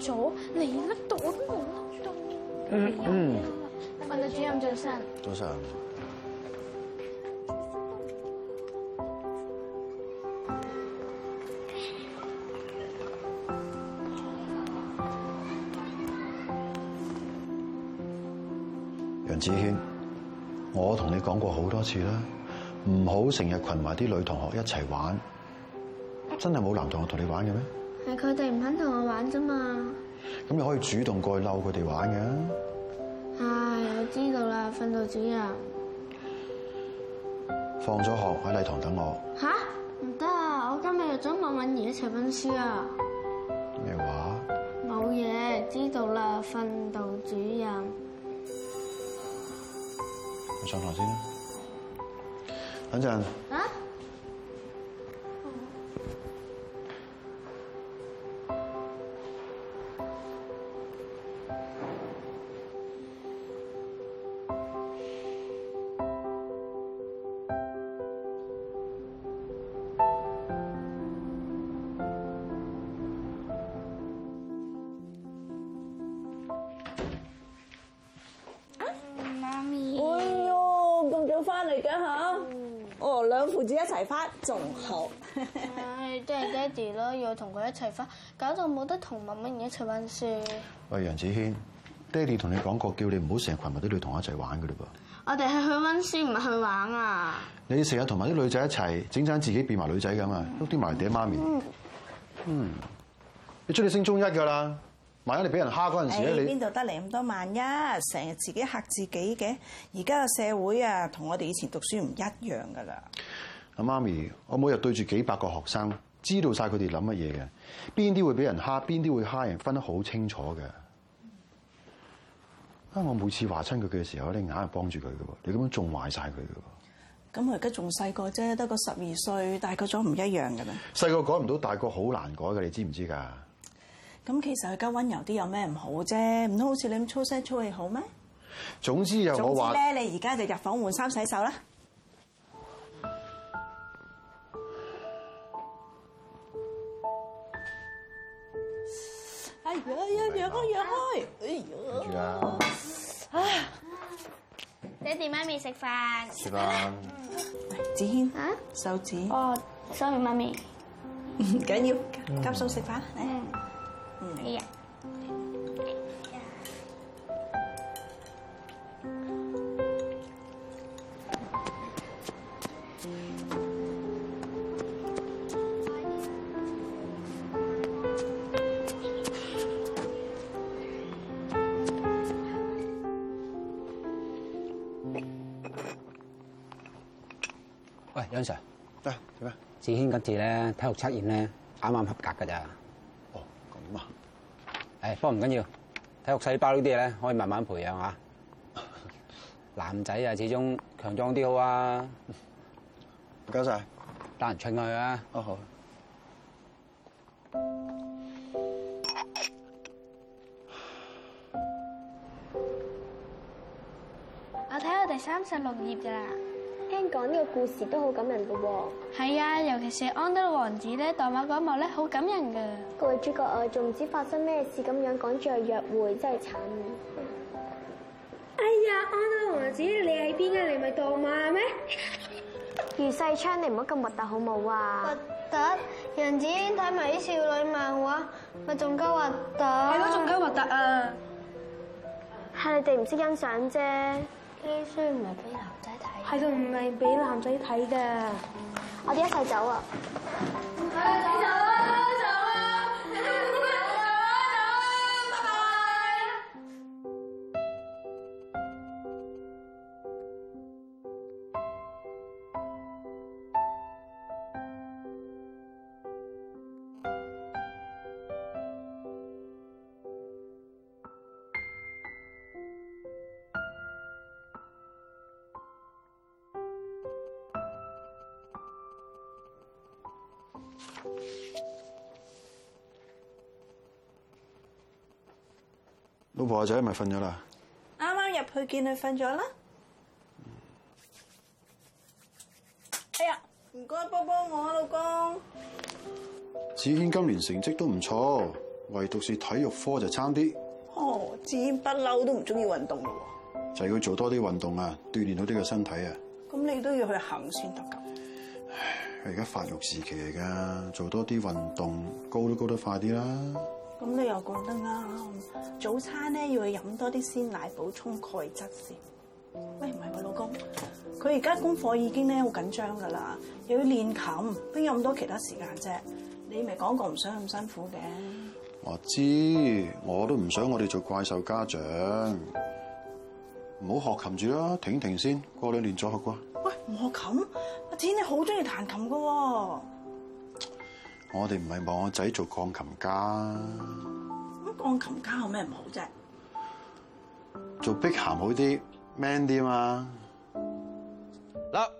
左，你甩到我都冇甩到，嗯嗯。問下主任早晨。早晨。楊子軒，我同你講過好多次啦，唔好成日群埋啲女同學一齊玩。真係冇男同學同你玩嘅咩？係佢哋唔肯同我玩啫嘛。咁你可以主動過去嬲佢哋玩嘅。唉，我知道啦，訓導主任放。放咗學喺禮堂等我，啊。吓？唔得啊！我今日約咗莫敏儀一齊温書啊。咩話？冇嘢，知道啦，訓導主任。我上堂先，啦，等陣，啊。父子一齊返仲好、哎，唉，都係爹哋咯，要同佢一齊返，搞到冇得同埋媽媽一齊温書。喂，楊子軒，爹哋同你講過，叫你唔好成群埋都要同我一齊玩㗎嘞噃。我哋係去温書，唔係去玩啊！你成日同埋啲女仔一齊，整親自己變埋女仔㗎嘛，碌啲埋人哋媽咪、嗯。嗯，你將你升中一㗎啦。萬一你俾人蝦嗰陣時、哎，你邊度得嚟咁多萬一、啊？成日自己吓自己嘅。而家個社會啊，同我哋以前讀書唔一樣噶啦。阿媽咪，我每日對住幾百個學生，知道晒佢哋諗乜嘢嘅。邊啲會俾人蝦，邊啲會蝦人，分得好清楚嘅、嗯。啊，我每次話親佢嘅時候，你硬係幫住佢嘅，你咁樣仲壞晒佢嘅。咁我而家仲細個啫，得個十二歲，大個咗唔一樣噶啦。細個改唔到，大個好難改嘅，你知唔知噶？咁其實佢夠溫柔啲，有咩唔好啫？唔通好似你咁粗聲粗氣好咩？總之又我話，總之咧，你而家就入房換衫洗手啦。哎呀呀讓開讓開！哎呀！啊！爹哋媽咪食飯。食飯。子軒。啊？手指。哦，sorry，媽咪。唔緊要，急速食飯啦！嚟。哎呀！喂，楊 Sir，啊、哎，做咩？子軒今次咧體育測驗咧啱啱合格噶咋？不過唔緊要，體育細胞呢啲嘢咧，可以慢慢培養吓。男仔啊，始終強壯啲好啊。唔該晒，單人出去啊。哦好，好。我睇我哋第三十六頁咋。聽講呢個故事都好感人噶喎。係啊，尤其是安德王子咧，墮馬嗰幕咧好感人噶。個主角啊，仲唔知發生咩事咁樣趕住去約會，真係慘。哎呀，安德王子你喺邊啊？你咪墮馬咩？余世昌，你唔好咁核突好冇啊！核突，楊子軒睇埋啲少女漫畫咪仲加核突？係咯，仲加核突啊！係你哋唔識欣賞啫。呢書唔係俾男仔睇。係度唔係俾男仔睇嘅，我哋一齊走啊！走老婆，仔咪瞓咗啦？啱啱入去見佢瞓咗啦。嗯、哎呀，唔該幫幫我，老公。子軒今年成績都唔錯，唯獨是體育科就差啲。哦，子軒不嬲都唔中意運動咯。就係、是、要做多啲運動啊，鍛煉到呢個身體啊。咁你都要去行先得噶。佢而家發育時期嚟噶，做多啲運動，高都高得快啲啦。咁你又講得啱。早餐咧要去飲多啲鮮奶補充鈣質先。喂，唔係喎，老公，佢而家功課已經咧好緊張噶啦，又要練琴，邊有咁多其他時間啫？你咪講過唔想咁辛苦嘅。我知，我都唔想我哋做怪獸家長。唔好學琴住啦，停停先，過兩年再學啩。喂，唔學琴？你好中意彈琴噶，我哋唔係望我仔做鋼琴家。咁鋼琴家有咩唔好啫？做碧咸好啲，man 啲嘛。嗱。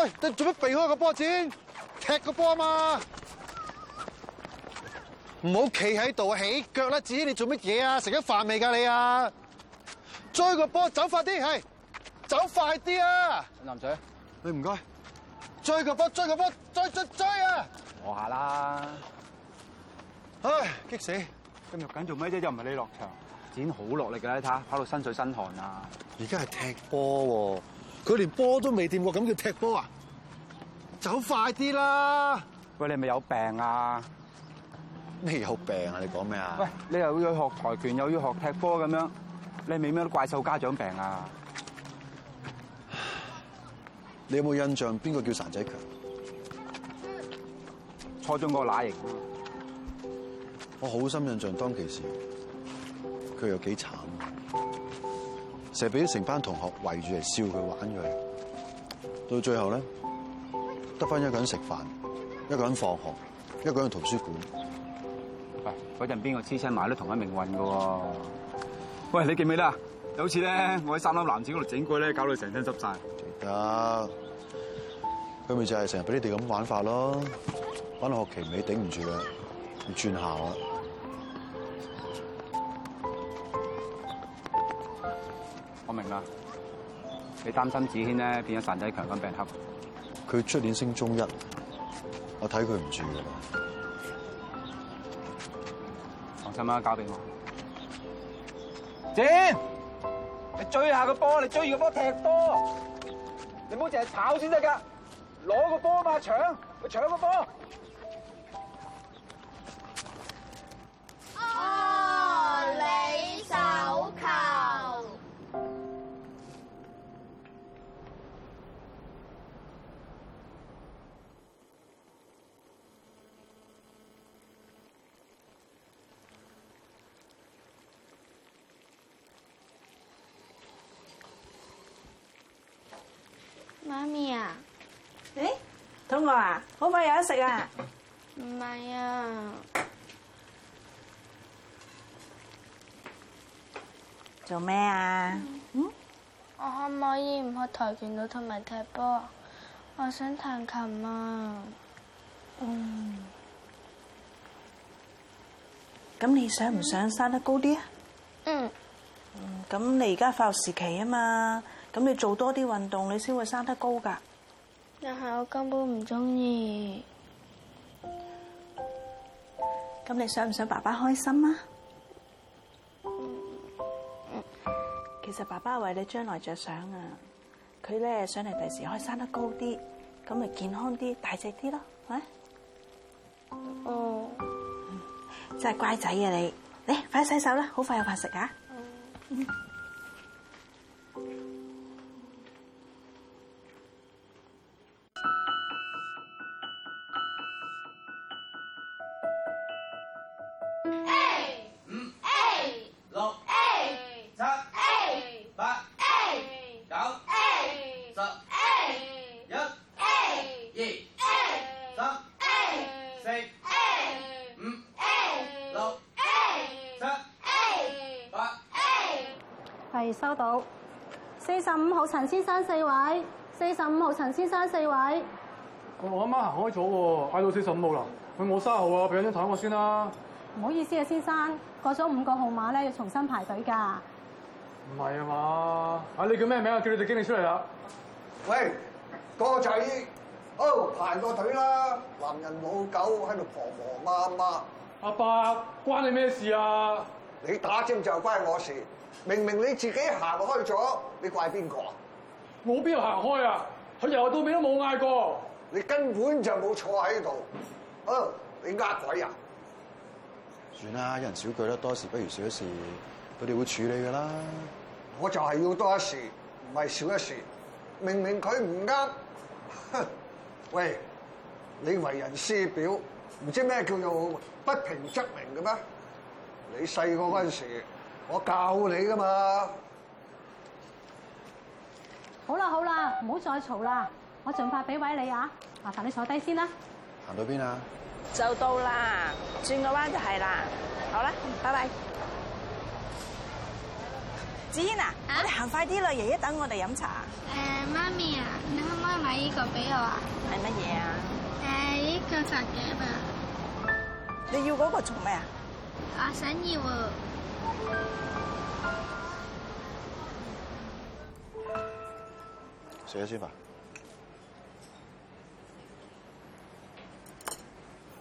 喂，你做乜避開個波，子軒？踢個波啊嘛不要站在裡！唔好企喺度起腳啦！子軒你做乜嘢啊？食咗飯未噶你啊？追個波，走快啲，係，走快啲啊南水！男仔，啊，你唔該，追個波，追個波，追追追啊！我下啦，唉，激死！今日緊做咩啫？又唔係你落場，子軒好落力噶啦，睇下，跑到身水身汗啊！而家係踢波。佢連波都未掂過，咁叫踢波啊？走快啲啦！喂，你係咪有病啊？你有病啊？你講咩啊？喂，你又要學跆拳，又要學踢波咁樣，你係咪咩怪獸家長病啊？你有冇印象邊個叫孱仔強？初中嗰個乸型啊！我好深印象當，當其時佢又幾慘。成日俾成班同學圍住嚟笑佢玩佢，到最後咧得翻一個人食飯，一個人放學，一個人圖書館啊。喂，嗰陣邊個黐親埋都同一命運嘅喎？喂，你記唔記得啊？有次咧，我喺三樓男子嗰度整過咧，搞到佢成身濕晒。記得，佢咪就係成日俾你哋咁玩法咯，玩到學期尾頂唔住啦，要轉校啦。你擔心子軒咧變咗散仔強咁俾人恰？佢出年升中一，我睇佢唔住嘅。放心啦，交俾我。子，你追下個波，你追住個波踢波，你唔好淨係炒先得噶，攞個波嘛搶，去搶個波。我啊，可唔可以有得食啊？唔係啊，做咩啊？我可唔可以唔去跆拳道同埋踢波？我想彈琴啊。嗯。咁你想唔想生得高啲啊？嗯。咁你而家發育時期啊嘛，咁你做多啲運動，你先會生得高噶。但係我根本唔中意。咁你想唔想爸爸開心啊？嗯嗯、其實爸爸為你將來着想啊，佢咧想你第時可以生得高啲，咁咪健康啲，大隻啲咯，係咪？哦、嗯，真係乖仔啊！你你，快洗手啦，好快有飯食啊！嗯嗯陳先生四位，四十五號陳先生四位我媽。我我啱啱行開咗喎，嗌到四十五號啦。佢冇卅號啊，俾張枱我先啦。唔好意思啊，先生，過咗五個號碼咧，要重新排隊噶。唔係啊嘛，啊，你叫咩名啊？叫你哋經理出嚟啦。喂，個仔，哦，排個隊啦。男人老狗喺度婆婆媽媽。阿爸，爸，關你咩事啊？你打尖就關我事，明明你自己行開咗，你怪邊個啊？我邊度行開啊？佢由頭到尾都冇嗌過，你根本就冇坐喺度，啊、哦！你呃鬼啊！算啦，一人少句啦，多一事不如少一事，佢哋會處理噶啦。我就係要多一事，唔係少一事。明明佢唔啱，喂！你為人師表，唔知咩叫做不平則鳴嘅咩？你細個嗰陣時，我教你噶嘛。好啦好啦，唔好再嘈啦。我盡快俾位你啊。麻煩你坐低先啦。行到邊啊？就到啦，轉個彎就係啦。好啦，拜拜，嗯。子軒啊，你行快啲啦，爺爺等我哋飲茶。誒，媽咪啊，你可唔可以買依個俾我啊？係乜嘢啊？誒，依個茶嘅嘛。你要嗰個做咩啊？阿要耀，食下先吧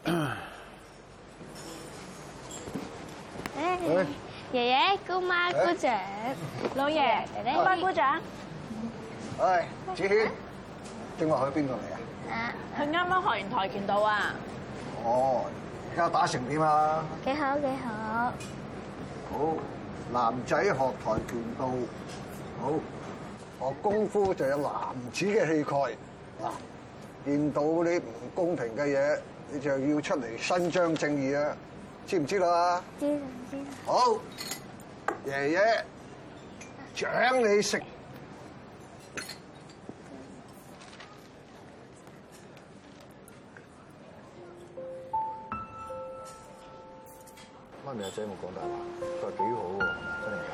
喂喂。哎，爺爺、姑媽、姑姐、欸、老爺、奶奶、娘娘姑姑長。係，子軒，正話去咗邊度啊？佢啱啱學完跆拳道啊、嗯嗯！哦。而家打成點啊？幾好幾好。好，男仔學跆拳道，好，學功夫就有男子嘅氣概。嗱，見到啲唔公平嘅嘢，你就要出嚟伸張正義啊！知唔知道啊？知知。好，爺爺獎你食。媽咪阿仔冇講大話，佢話幾好喎，真係好，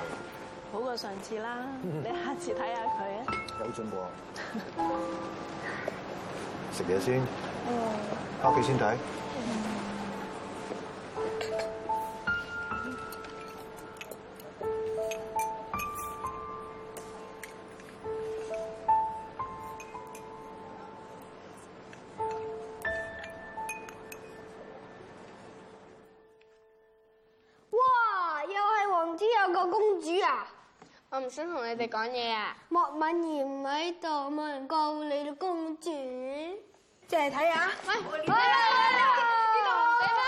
好過上次啦。你下次睇下佢啊，有進步啊。食嘢先，哦，翻屋企先睇。講嘢啊！莫敏賢唔喺度，冇人救你啦，公主！即係睇下，喂，邊度？邊班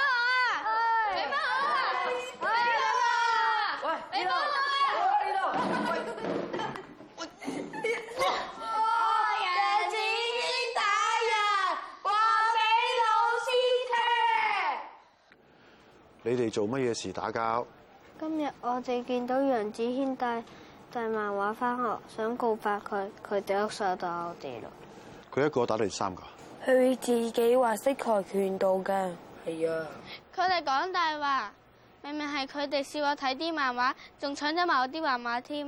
好啊？邊班好啊？邊班好啊？喂，邊班好啊？楊子軒打人，話俾老師聽。你哋做乜嘢事打交？今日我哋見到楊子軒帶。帶漫畫翻學，想告白佢，佢哋喐手打我哋咯。佢一個打你三個。佢自己話識跆拳道嘅。係啊。佢哋講大話，明明係佢哋笑我睇啲漫畫，仲搶咗埋我啲漫畫添。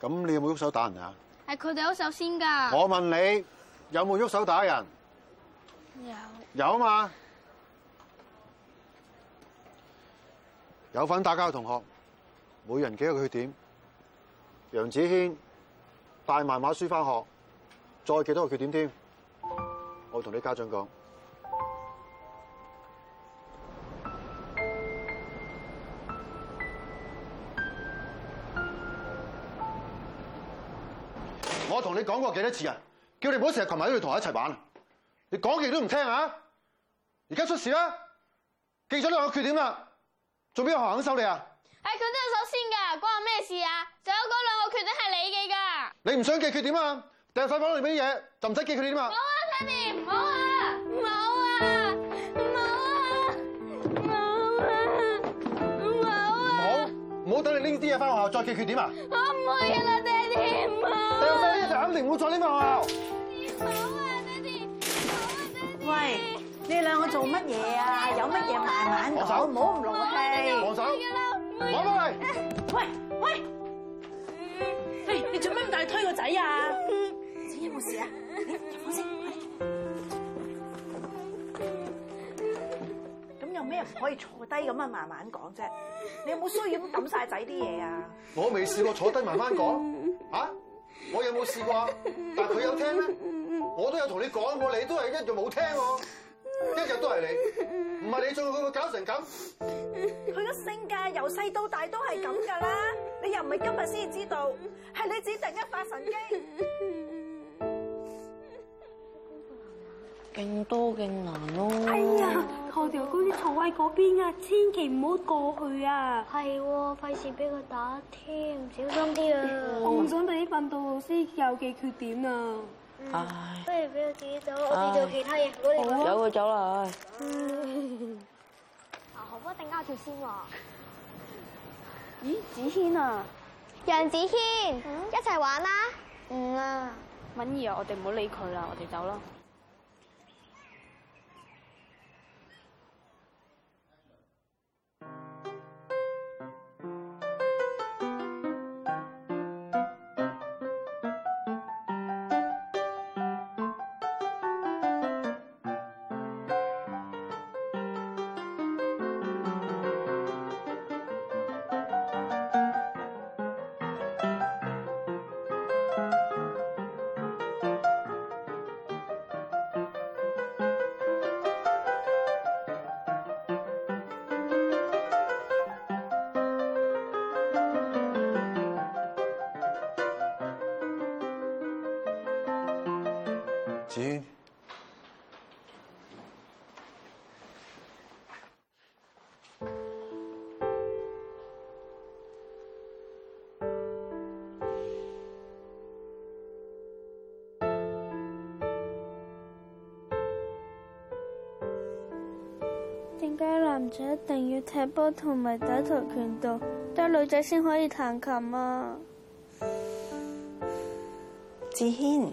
咁你有冇喐手打人啊？係佢哋喐手先噶。我問你有冇喐手打人？有。有啊嘛。有份打交嘅同學，每人幾個缺點？楊子軒帶埋漫畫書翻學，再記多個缺點添。我同你家長講，我同你講過幾多次啊？叫你唔好成日群埋啲同學一齊玩，你講極都唔聽啊，而家出事啦，記咗呢個缺點啦，做邊個學校肯收你啊？係佢你唔想記缺點啊？掟曬房裏邊啲嘢，就唔使記佢哋點嘛？好啊，爹哋唔好啊，唔好啊，唔好啊，唔好啊，唔好啊！唔好，我等你拎啲嘢返學校再記缺點啊！我唔可以啦，爹哋唔好。掟曬啲嘢就咁，連冇再拎返學校。唔好啊，爹哋，唔好啊，爹哋。喂，你兩個做乜嘢啊？有乜嘢慢慢講，唔好唔落氣。我走。我走。我走。喂喂。做咩咁大推個仔啊？子軒冇事啊？放先。咁有咩唔可以坐低咁啊？慢慢講啫。你有冇需要咁抌晒仔啲嘢啊？我未試過坐低慢慢講，吓？我有冇試過？但係佢有聽咩？我都有同你講過，你都係一日冇聽，一日都係你。唔係你做佢會搞成咁？佢個性格由細到大都係咁㗎啦。你又唔係今日先知道，係你自己定一發神經，勁 多勁難咯、啊。哎呀，我條高啲腸胃嗰邊啊，千祈唔好過去啊。係喎、啊，費事俾佢打添，小心啲啊。唔想呢份訓導老師有幾缺點啊。嗯、唉不如俾佢自己走，我自己做其他嘢，我嚟管。走佢走啦。好，我訂加條先喎。 咦，子軒啊，楊子軒，嗯，一齊玩啦！嗯，嗯啊，敏儀啊，我哋唔好理佢啦，我哋走啦。點解男仔一定要踢波同埋打跆拳道？得女仔先可以彈琴啊？子軒。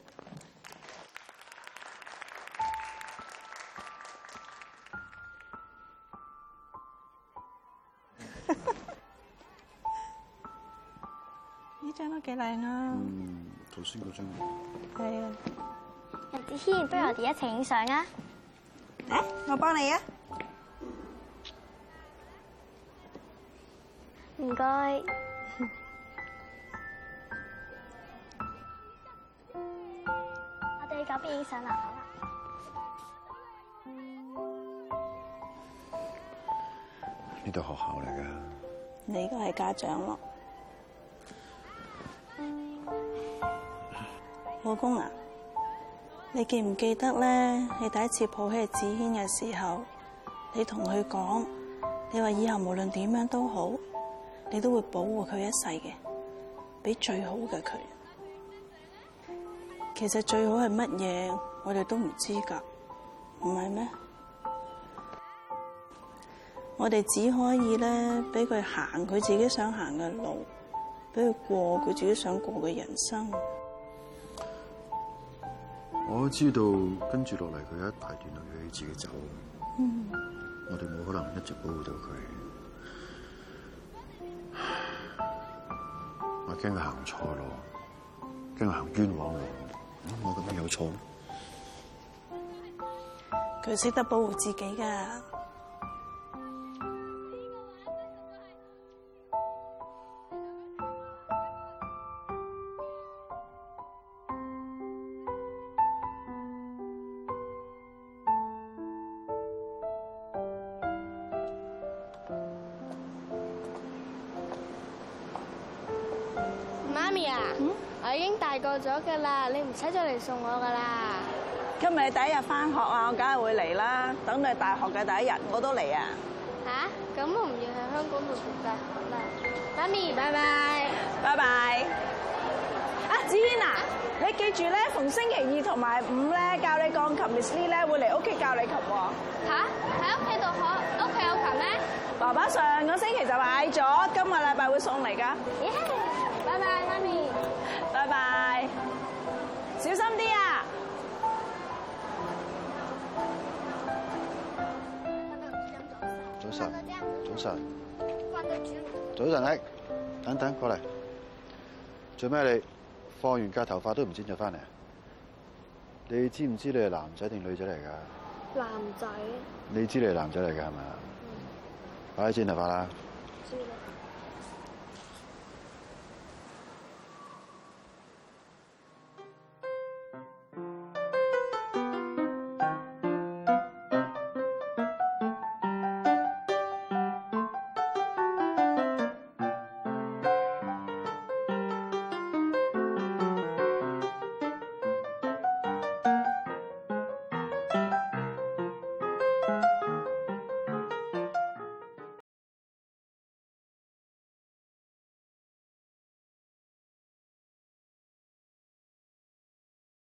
相得都幾靚啊！頭先嗰張係啊，日子軒，不如我哋一齊影相啊！誒，我幫你啊！唔該，我哋搞邊影相啦，好啦。呢度學校嚟噶，你都係家長咯。老公啊，你記唔記得咧？你第一次抱起子軒嘅時候，你同佢講，你話以後無論點樣都好，你都會保護佢一世嘅，俾最好嘅佢。其實最好係乜嘢？我哋都唔知噶，唔係咩？我哋只可以咧，俾佢行佢自己想行嘅路，俾佢過佢自己想過嘅人生。我知道跟住落嚟佢一大段路要自己走，我哋冇可能一直保護到佢，我驚佢行錯路，驚佢行冤枉路，我咁樣有錯？佢識得保護自己㗎。過咗噶啦，你唔使再嚟送我噶啦。今日第一日翻學啊，我梗係會嚟啦。等你大學嘅第一日，我都嚟啊。吓？咁我唔要喺香港度讀啦。媽咪，拜拜。拜拜。阿子軒啊，你記住咧，逢星期二同埋五咧，教你鋼琴 Miss Lee 咧會嚟屋企教你琴喎。吓？喺屋企度學？屋企有琴咩？爸爸上個星期就買咗，今個禮拜會送嚟噶。耶！拜拜，媽咪。拜拜。小心啲啊！早晨，早晨，早晨，早晨啊！等等，過嚟，做咩你放完假頭髮都唔剪咗翻嚟？你知唔知你係男仔定女仔嚟噶？男仔。你知，知你係男仔嚟噶係咪？嗯。快啲剪頭髮啦。